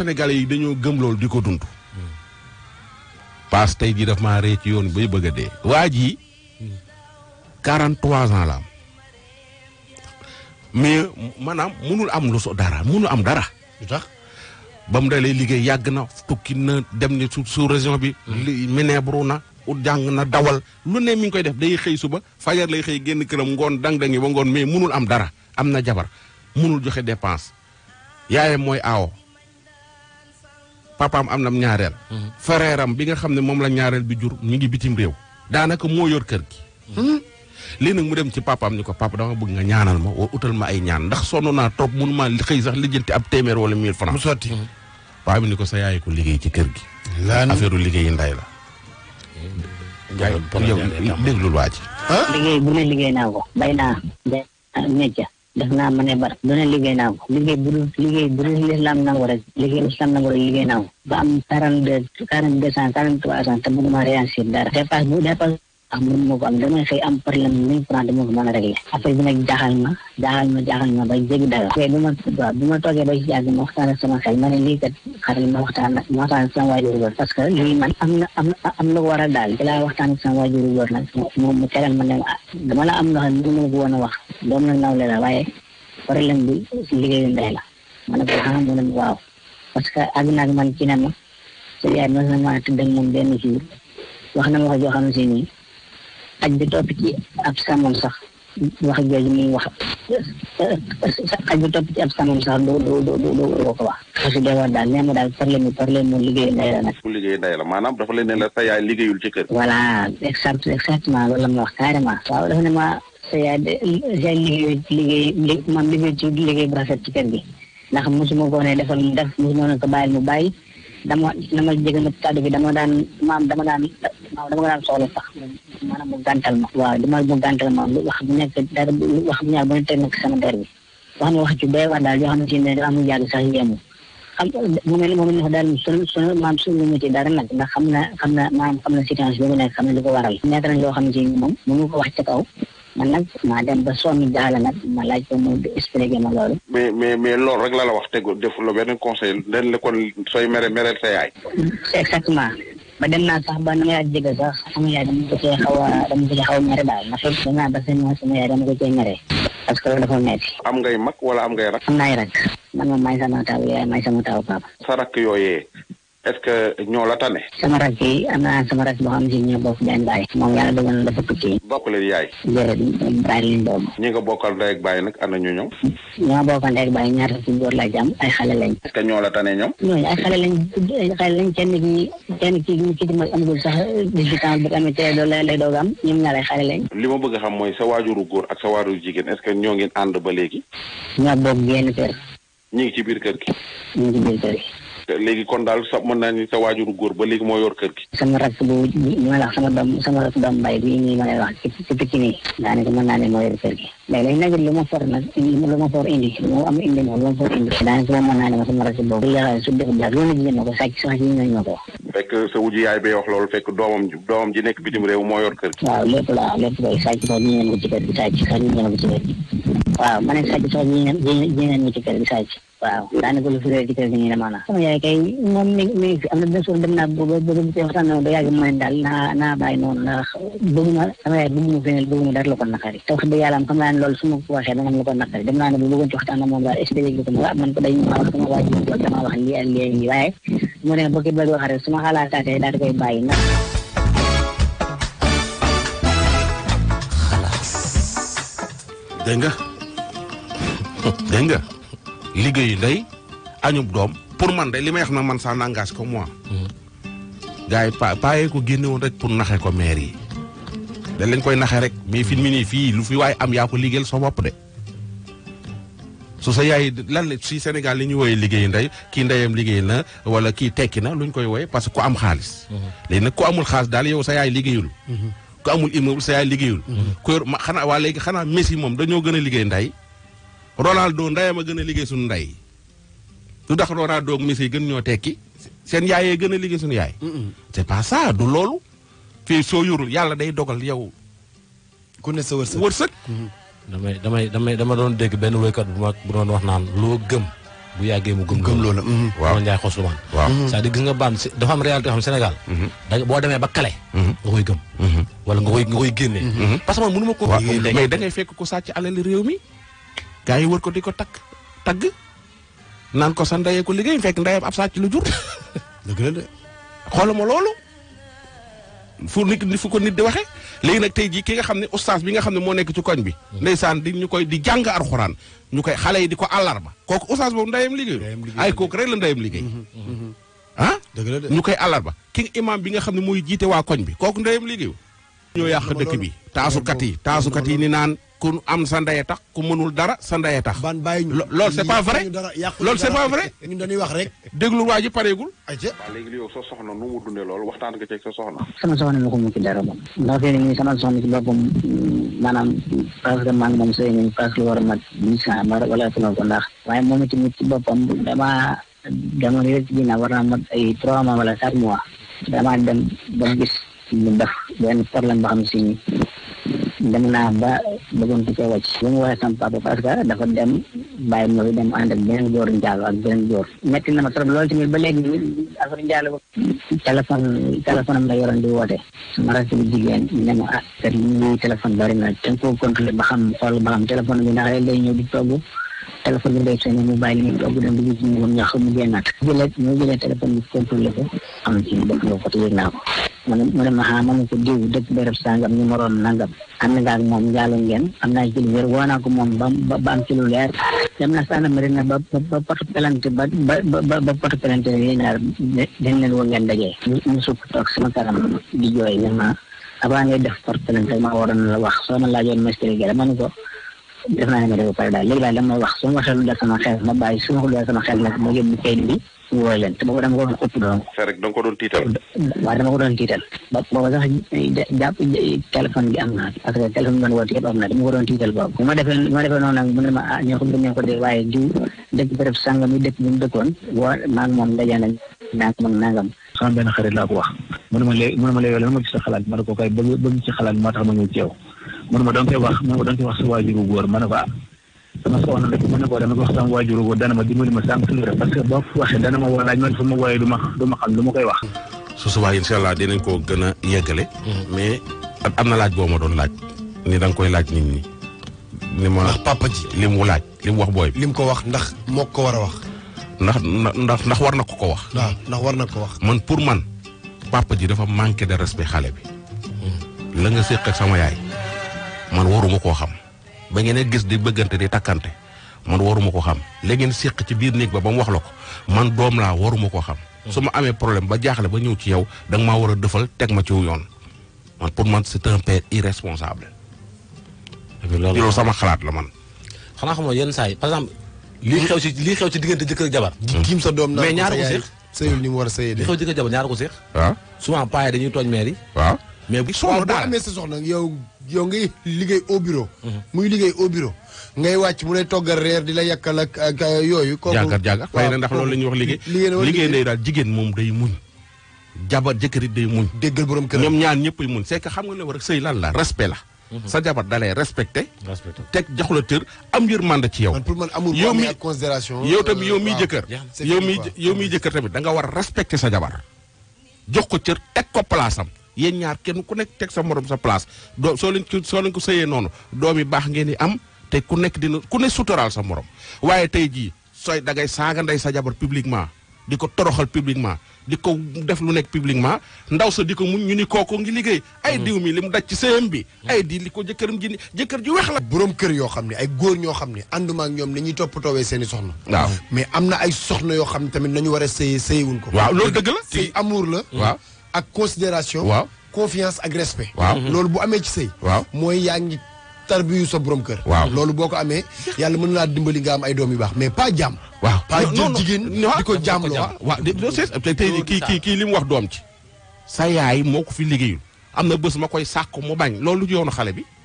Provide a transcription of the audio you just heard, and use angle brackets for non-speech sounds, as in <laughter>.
sénégalais yi dañoo gëm loolu di ko dund. parce tey jii daf maa ree ci yoon bay bëgg a dee. waa jii 43 ans la am mais maanaam mënul am lu so dara mënul am dara. lu ba mu dalee liggéey yàgg na tukki na dem ni su sous région bi. Hmm. li mineebru na ut jàng na dawal. lu ne mi ngi koy def day xëy suba fajar lay xëy génn këram ngoon dang-dangi ba ngoon mais mënul am dara am na jabar mënul joxe dépense yaayam mooy aawo. papaam am na ñaareel. Mhm. frère am bi nga xam ne moom la ñaareel bi jur ñu ngi bitim réew. daanaka moo yor kër gi. Mhm. lii nag mu dem ci papaam ñu ko papa dama bëgg nga ñaanal ma wa utal ma ay ñaan ndax sono naa toog mënu maa xëy sax lijjanti ab téeméer wala 1000 francs. mu sotti mhm. paa bi ni ko sa yaay ko liggéey ci kër gi. lan affaire liggéeyu nday la. jaay yow déglul waa ah? liggéey bu liggéey naa ko bay naa. Ah, def naa ma ne ba lu ne liggéey naa ko liggéey bu dul liggéey bu dul lislaam nangu rek naa ko ba am quarante deux quarante deux cent quarante trois cent te bëgguma réensi dara dépasse ndax mënu ma ko am damay xëy am problème mu mille franc dama ko mën a réglé affaire bi nag jaaxal ma jaaxal ma jaaxal ma ba jéggi dara te bi ma waaw bi ma toogee ba ci yàgg ma waxtaan ak sama xel ma ne lii kat xaral ma waxtaan ak ma waxtaan ak sama waajur góor parce que lii man am na am na am na waral daal ci laa waxtaan ak sama waajur góor nag moom mu teral ma ne ma ah, dama la am loo xam ne mënu ma ko woon a wax doom na nawle la waaye problème bi si liggéeyu ndey la ma ne ko xam ah, mu ne waaw parce que àgg naag man ci ne ma sa yaay mos na maa tëdd ak moom benn jour wax na ma ko joo xam ne si nii xaj bi topp ci ab sàmmam sax wax jooju muy wax xaj bi topp ci ab sàmmam sax doo doo doo doo ko wax su dee wax daal nee ma daal problème bi mu liggéey ndey la nag mu liggéey ndey la maanaam ne la sa yaay liggéeyul ci kër voilà exact exactement loolu la ma wax carrément waaw dafa ne ma sa yaay de yaay liggéey liggéey maam liggéey ci liggéey bu rafet ci kër gi ndax mosuma ko ne defal mu def mosuma ne ko bàyyil mu bàyyi dama dama jege na kàddu bi dama daan maam dama daan dama daan soxla sax maanaam mu gàntal ma waaw li ma mu gàntal ma lu wax bu nekk dara lu wax bu nekk sama der bi wax na wax sax yemu xam mu mel moom mu ci dara nag ndax xam na xam na maanaam xam na situation bi nekk xam na li ko waral nekk nañ loo xamante ko wax ca kaw man nag maa dem ba sonn daala nag la la wax tegu defuloo benn conseil leen la kon sooy mere mereel sa yaay. exactement. ba dem naa sax ba na ma yaay jege sax a yaay dama ko cee xaw a dama ko cee xaw a mere daal ndax dem naa ba seen sama yaay dama ko cee mere parce que loolu dafa metti. am ngay mag wala am ngay rak. am naay rak man sama taaw yaay maay sama taaw papa. sa rakk est-ce que ñoo la tane. sama rak yi am naa sama rak boo xam ne ñoo bokk benn baay. moom yàlla dogal na dafa tukki. bokk leen yaay. jërëjëf baay lañ boobu. ñi nga bokkal ndey ak baay nag ana ñu ñoom. ñoo bokkal ndey ak baay ñaata ci góor la jàmm ay xale lañ. est-ce que ñoo la tane ñoom. ñooñu ay xale lañ li a xam sa waajuru góor ak sa waajuru jigéen est ba léegi. ñoo bokk genn kër. ñi ngi ci biir kër gi. ñi ngi ci biir kër gi. léegi kon daal sa mën naa ni sa waajuru góor ba léegi moo yor kër gi. sama rakk bu ñu ma wax sama doom sama rakk doom mbay bi nii ma lay wax ci ci picc nii daanaka mën naa ne moo lu ma for nag lu boobu yaay bay wax fekk doomam ji nekk bitim réew moo yor kër gi. waaw lépp la lépp day sàcc ko ñu ngeen ko ci kër gi sàcc sax ñu ngeen ko ci kër gi waaw ma ne sàcc sax yéen yéen ñu ci kër gi sàcc waaw daanaka lu fi réer ci kër gi ñu ne maanaam sama yaay kay moom mi mi am na benn suul dem naa ba ba ba waxtaan na ba yàgg ma ne daal naa naa bàyyi noonu ndax bëgguma sama yaay bëgguma feneen bëgguma dara lu ko naqari te wax dëgg yàlla xam naa ne loolu su ma ko waxee dana am lu ko naqari dem naa ne bu bëggoon ci waxtaan moom daal expliqué ko ma man ko dañ ma wax sama waa ji dama wax lii ak lii waaye mu ne bokki bëgg wax rek su ma xalaataatee daal di koy bàyyi ndax dégg nga dégg nga liggéeyu ndey añub doom pour man de li may wax na man saa n'engage que moi. gaa yi pa paayee ko génne woon rek pour naxe ko maire yi. dañ koy naxe rek mais fi mu nii fii lu fi waaye am yaa ko liggéeyal sa bopp de. su sa yaay lan la si Sénégal li ñu wooyee liggéey ndey kii ndeyam liggéey na wala kii tekki na lu luñ koy wooyee parce que ku am xaalis. léegi nag ku amul xaalis daal yow sa yaay liggéeyul. ku amul immeuble sa yaay liggéeyul. Mhm. ku yor ma xanaa waa léegi xanaa Messi moom dañoo gën liggéey ndey. Ronaldo ndeyam a gën a liggéey suñu ndey lu tax Ronaldo ak Messi gën ñoo tekki seen yaayee gën a liggéey suñu yaay. c'est pas ça du loolu. fii soo yorul yàlla day dogal yow. ku ne sa wërsëg wërsëg. Mm-hmm. damay damay damay dama doon dégg benn wéykat bu mag bu doon wax naan loo gëm. bu yàggee mu gëm gëm loola. Mm-hmm. waaw man Ndiaye Xoslumaan. waaw mm-hmm. cest à nga baan dafa am réalité yoo da boo demee ba kale. nga koy gëm. wala nga koy nga koy génnee. parce que man mënu ko. mais da fekk ko sàcc alal réew mi. gaa yi wër ko di ko takk tagg naan ko sa ndeyee ko liggéey fekk ndeyam ab sàcc lu jur. <laughs> dëgg la de. xooluma loolu fu nit fu ko nit di waxe léegi nag tey jii ki nga xam ne ustaas bi nga xam ne moo nekk ci koñ bi. Hmm. saan di ñu koy di jàng alxuraan ñu koy xale yi di ko àllarba kooku ustaas boobu ndeyam liggéey. ay kooku rek la ndeyam liggéey. Hmm, hmm, ah. dëgg la de ñu koy ba ki imam bi nga xam ne mooy jiite waa koñ bi kooku ndeyam liggéey. ñoo yàq dëkk bi taasukat yi taasukat yi ni naan ku am sa ndey tax ku mënul dara sa ndey tax. ban bàyyi ñu loolu c'est pas vrai loolu c'est pas vrai. ñun dañuy wax rek. déglu waa ji pareegul. ayca waaw léegi yow sa soxna nu mu dundee loolu waxtaan nga ceeg sa soxna. sama soxna ma ko mu ci dara moom. ndax fii nii sama soxna ci boppam maanaam parce que maa ngi moom sëy nañ parce que war a mat huit cent wala ko ndax. waaye moom itamit ci boppam damaa dama rek ci ginnaaw war naa mat ay trois mois wala quatre gis. mu def benn problème boo xam si ni naa ba bëggoon ci cee wàcc bi mu waxee sama papa dem bàyyi ma fi dem ànd ak beneen metti na ma trop loolu tamit ba léegi affaire njaalo téléphone téléphone am la yoroon di woote sama rakk ne ma ah te lii téléphone bari na te ba xam xool ba xam téléphone bi ndax lay ñëw di togg téléphone bi day sonné mu bàyyi li muy togg dem dugg ci yëg naa ko mu ne mu ne ma ah ma ne ko diw dëkk béréb sangam ñu moroon nangam am na nga ak moom njaalo ngeen am na ci lu wér moom ba ba am lu leer dem na saana mari na ba ba porte plainte ba ba ba porte plainte yi ñaar dañ leen woo ngeen dajee ñu sukk toog sama kanam di jooy ne ma avant ngay def porte plainte ma waroon la wax soo ma laajoon mastéri gërëm ma ne ko def naa ne ma def ba pare daal léegi daal dama wax su ma waxee lu dal sama xel ma bàyyi su ma waxee lu dal sama xel nag ma yóbbu kayit bi mu wóor leen te booba dama ko doon ëpp doon. xëy rek da nga ko doon tiital. waaw dama ko doon tiital. ba booba sax jàpp téléphone bi am na parce que téléphone bi ma woote yëpp am na dama ko doon tiital boobu. bu ma defee bu ma defee noonu nag mu ne ma ah ñoo ko ñoo ko dee waaye jiw dëkk béréb sàngam yi dëkk bi mu dëkkoon boo maa ngi moom daje nañ nangam nangam. sama benn xarit laa ko wax. mu ne ma léegi mu ne ma léegi lan moo ci sa xalaat ma ne ko kay bëgg bëgg ci xalaat moo tax ma ñëw ci yow mun ma doon koy wax mun ma doon koy wax sa waajuru góor ma ne ko ah sama soxna nag mu ne ko dama koy wax sama waajuru góor dana ma dimbali ma sànq si parce que boo ko waxee dana ma woo laaj man fu ma wooyee du ma du ma xam lu ma koy wax. su subaa incha allah dinañ koo gën a yeggale. Mm-hmm. mais am na laaj boo ma doon laaj. ni da nga koy laaj nit ñi. ni ma ndax papa ji li mu laaj li mu wax booy bi. li mu ko wax ndax moo ko war a wax. ndax ndax ndax war na ko ko wax. waaw ndax war na ko wax. man pour man papa ji dafa manqué de respect xale bi. Mm-hmm. la nga séq sama yaay. man waruma koo xam ba ngeen gis di bëggante di takkante man waruma ko xam léegi ngeen ci biir néeg ba ba mu wax la ko man doom laa waruma koo xam. su ma amee problème ba jaaxle ba ñëw ci yow danga maa war a dëfal teg ma ci wu yoon man pour man c'est un père irresponsable. loolu sama xalaat la man. xanaa xam nga yenn saa yi par exemple. xew ci lii xew ci diggante jëkkër ak jabar. jiim hmm. sa doom naa mais ñaar war a sëyee de. li xew ci jëkkër jabar ñaar ko séq. waaw ah. souvent paa dañuy tooñ mère yi. waaw ah. mais bu soxla daal sa soxna yow yow ngay liggéey au bureau. muy liggéey obiro ngay wàcc mu lay toggal reer di la yàkkal ak ak yooyu. kooku jàngat jàngat xëy na ndax loolu la ñuy wax liggéey. liggéey day daal jigéen moom day muñ. jabar jëkkërit day muñ. déggal borom kër ñoom ñaan ñëppay muñ c'est que xam nga ne war a sëy lan la respect mhm. sa jabar dalay respecté. respecté teg jox la tër am yërmande ci yow. pour man amul moom ak considération yow tamit euh, yow miy jëkkër. yow miy yow miy jëkkër tamit da nga war a respecté sa jabar jox ko cër teg ko place yéen ñaar kenn ku nekk teg sa moroom sa place doo soo leen ko soo leen ko sëyee noonu doom yi baax ngeen di am te ku nekk dina ku ne suturaal sa morom waaye tey jii sooy dangay saaga ndey sa jabar publiquement di ko toroxal publiquement di ko def lu nekk publiquement ndaw sa di ko muñ ñu ni kooku ngi liggéey ay mm-hmm. diw mi li mu daj ci sëyam bi mm-hmm. ay di li ko jëkkëram ji jëkkër ji weex la boroom kër yoo xam ne ay góor ñoo xam ne ànduma ak ñoom ni ñuy toppatoowee seen i soxna waaw mais am na ay soxna yoo xam ne tamit nañu war a sëyee sëyewuñ ko waaw loolu dëgg la sëy amour la waaw ak considération waaw confiance ak respect waaw mhm. loolu bu amee ci sëy waaw mooy yaa ngi tarbiyu sa borom kër waaw loolu boo ko amee yàlla mën naa dimbali nga am ay doom yu baax mais pas jàmm waaw pas jël jigéen di ko jàmm loo waaw c'est tey kii kii kii li mu wax doom ci sa yaay moo ko fi liggéeyul am na bés ma koy sàkk mu bañ loolu yoonu xale bi